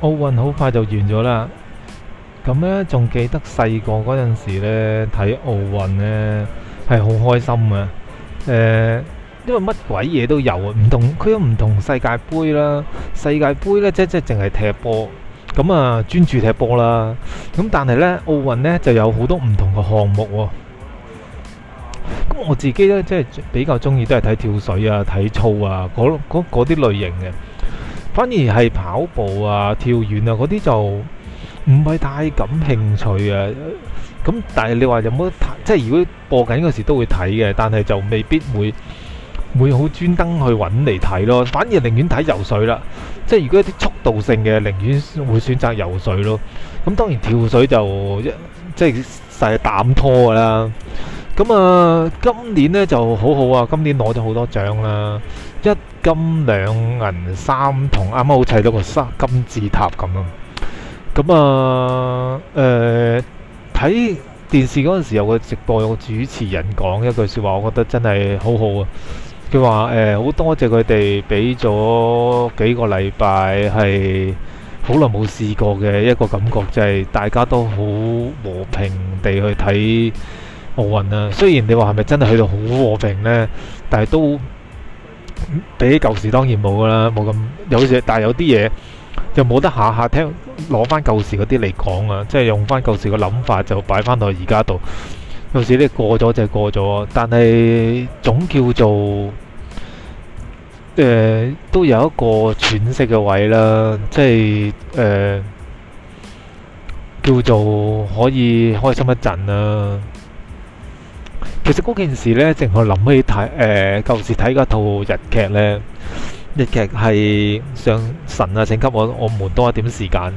奧運好快就完咗啦，咁呢，仲記得細個嗰陣時呢，睇奧運呢係好開心啊！誒、呃，因為乜鬼嘢都有啊，唔同佢有唔同世界杯啦，世界杯呢，即係即係淨係踢波，咁啊專注踢波啦。咁但係呢，奧運呢就有好多唔同嘅項目喎、哦。咁我自己呢，即係比較中意都係睇跳水啊、體操啊嗰啲類型嘅。反而係跑步啊、跳遠啊嗰啲就唔係太感興趣啊。咁但係你話有冇，即係如果播緊嗰時都會睇嘅，但係就未必會會好專登去揾嚟睇咯。反而寧願睇游水啦。即係如果一啲速度性嘅，寧願會選擇游水咯。咁當然跳水就即係係擔拖㗎啦。咁啊，今年呢就好好啊，今年攞咗好多獎啦。一金兩銀三銅，啱啱好砌到個金字塔咁咯，咁、嗯、啊誒睇、呃、電視嗰陣時有個直播，有個主持人講一句説話，我覺得真係好好啊！佢話誒好多謝佢哋俾咗幾個禮拜，係好耐冇試過嘅一個感覺，就係、是、大家都好和平地去睇奧運啊。雖然你話係咪真係去到好和平呢，但係都。比起舊時當然冇㗎啦，冇咁有時，但係有啲嘢就冇得下下聽，攞翻舊時嗰啲嚟講啊，即係用翻舊時嘅諗法就擺翻到而家度。有時呢過咗就過咗，但係總叫做誒，都有一個喘息嘅位啦，即係誒叫做可以開心一陣啦。其實嗰件事呢，淨係諗起。睇誒舊時睇嗰套日劇呢，日劇係上神啊！請給我我們多一點時間。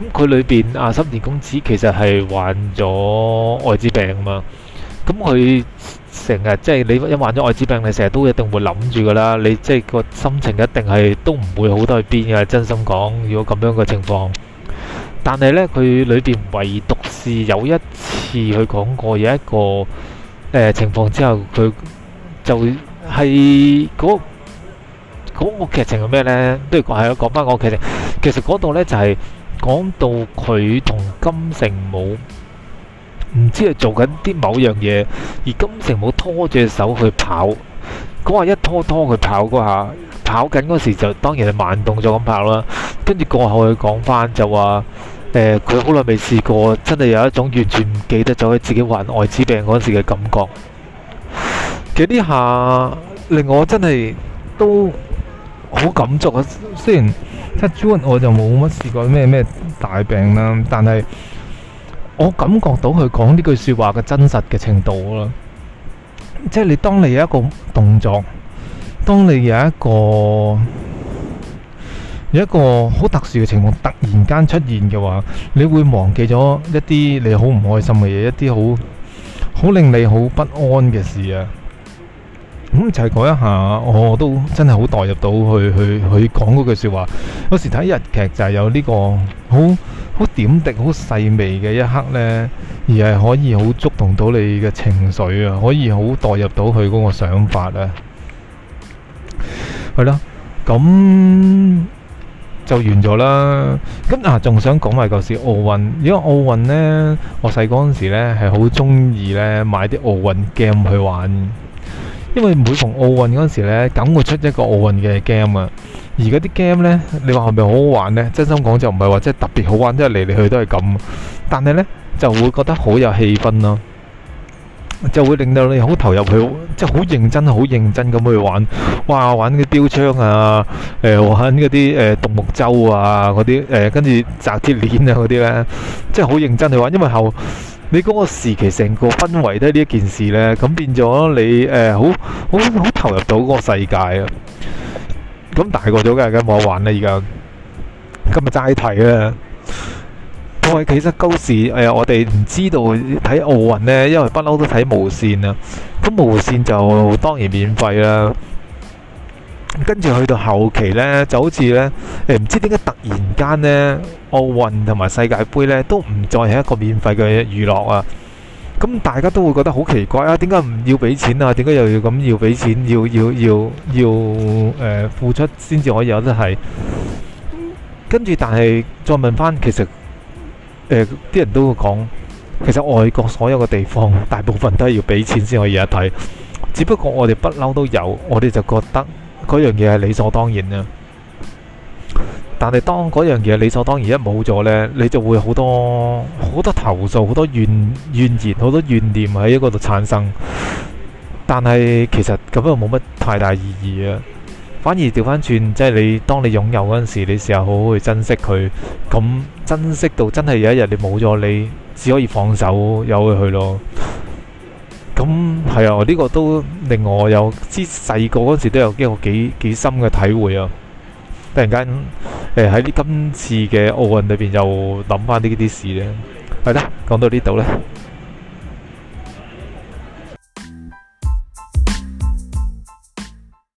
咁佢裏邊啊，心田公子其實係患咗愛滋病嘛。咁佢成日即係你一患咗愛滋病，你成日都一定會諗住㗎喇。你即係個心情一定係都唔會好得去邊嘅。真心講，如果咁樣嘅情況，但係呢，佢裏邊唯獨是有一次佢講過有一個誒情況之後，佢。就係、嗰個劇、嗰個劇情係咩呢？都要講係講翻個劇情。其實嗰度呢，就係講到佢同金城武唔知係做緊啲某樣嘢，而金城武拖住手去跑。講話一拖拖佢跑嗰下，跑緊嗰時就當然係慢動作咁跑啦。跟住過後去講返就話，佢好耐未試過，真係有一種完全唔記得咗佢自己患艾滋病嗰時嘅感覺。有啲下令我真係都好感觸啊。雖然即係，我我就冇乜試過咩咩大病啦，但係我感覺到佢講呢句說話嘅真實嘅程度啦。即係你，當你有一個動作，當你有一個有一個好特殊嘅情況突然間出現嘅話，你會忘記咗一啲你好唔開心嘅嘢，一啲好好令你好不安嘅事啊。咁、嗯、就係、是、講一下，我、哦、都真係好代入到去去去講嗰句說話。有時睇日劇就係有呢個好好點滴、好細微嘅一刻呢，而係可以好觸動到你嘅情緒啊，可以好代入到佢嗰個想法啊。係啦，咁就完咗啦。咁啊，仲想講埋舊時奧運，因為奧運呢，我細嗰陣時呢係好中意呢買啲奧運 game 去玩。因為每逢奧運嗰時咧，梗會出一個奧運嘅 game 啊！而嗰啲 game 咧，你話係咪好好玩咧？真心講就唔係話即係特別好玩，即係嚟嚟去去都係咁。但係咧，就會覺得好有氣氛咯，就會令到你好投入去，即係好認真、好認真咁去玩。哇！玩啲標槍啊，誒，玩嗰啲誒獨木舟啊，嗰啲誒，跟住扎鐵鏈啊嗰啲咧，即係好認真去玩，因為後。你嗰個時期成個氛圍都係呢一件事呢。咁變咗你誒好好好投入到嗰個世界啊！咁大，過大個咗，梗係冇得玩啦，而家今日齋睇啊！我係其實嗰時誒，我哋唔知道睇奧運呢，因為不嬲都睇無線啊，咁無線就當然免費啦。跟住去到後期呢，就好似呢，誒唔知點解突然間呢，奧運同埋世界盃呢都唔再係一個免費嘅娛樂啊。咁大家都會覺得好奇怪啊，點解唔要俾錢啊？點解又要咁要俾錢？要要要要誒付出先至可以有得係。跟住，但係再問翻，其實誒啲人都會講，其實外國所有嘅地方大部分都係要俾錢先可以有得睇，只不過我哋不嬲都有，我哋就覺得。嗰樣嘢係理所當然啊，但係當嗰樣嘢理所當然一冇咗呢，你就會好多好多投訴，好多怨怨言，好多怨念喺呢個度產生。但係其實咁樣冇乜太大意義啊，反而調翻轉，即係你當你擁有嗰陣時候，你試下好好去珍惜佢，咁珍惜到真係有一日你冇咗，你只可以放手，由佢去咯。咁係啊！呢、呢個都令我有知細個嗰時都有一個幾幾深嘅體會啊！突然間誒喺呢今次嘅奧運裏邊又諗翻呢啲事咧，係、嗯、啦，講到呢度咧。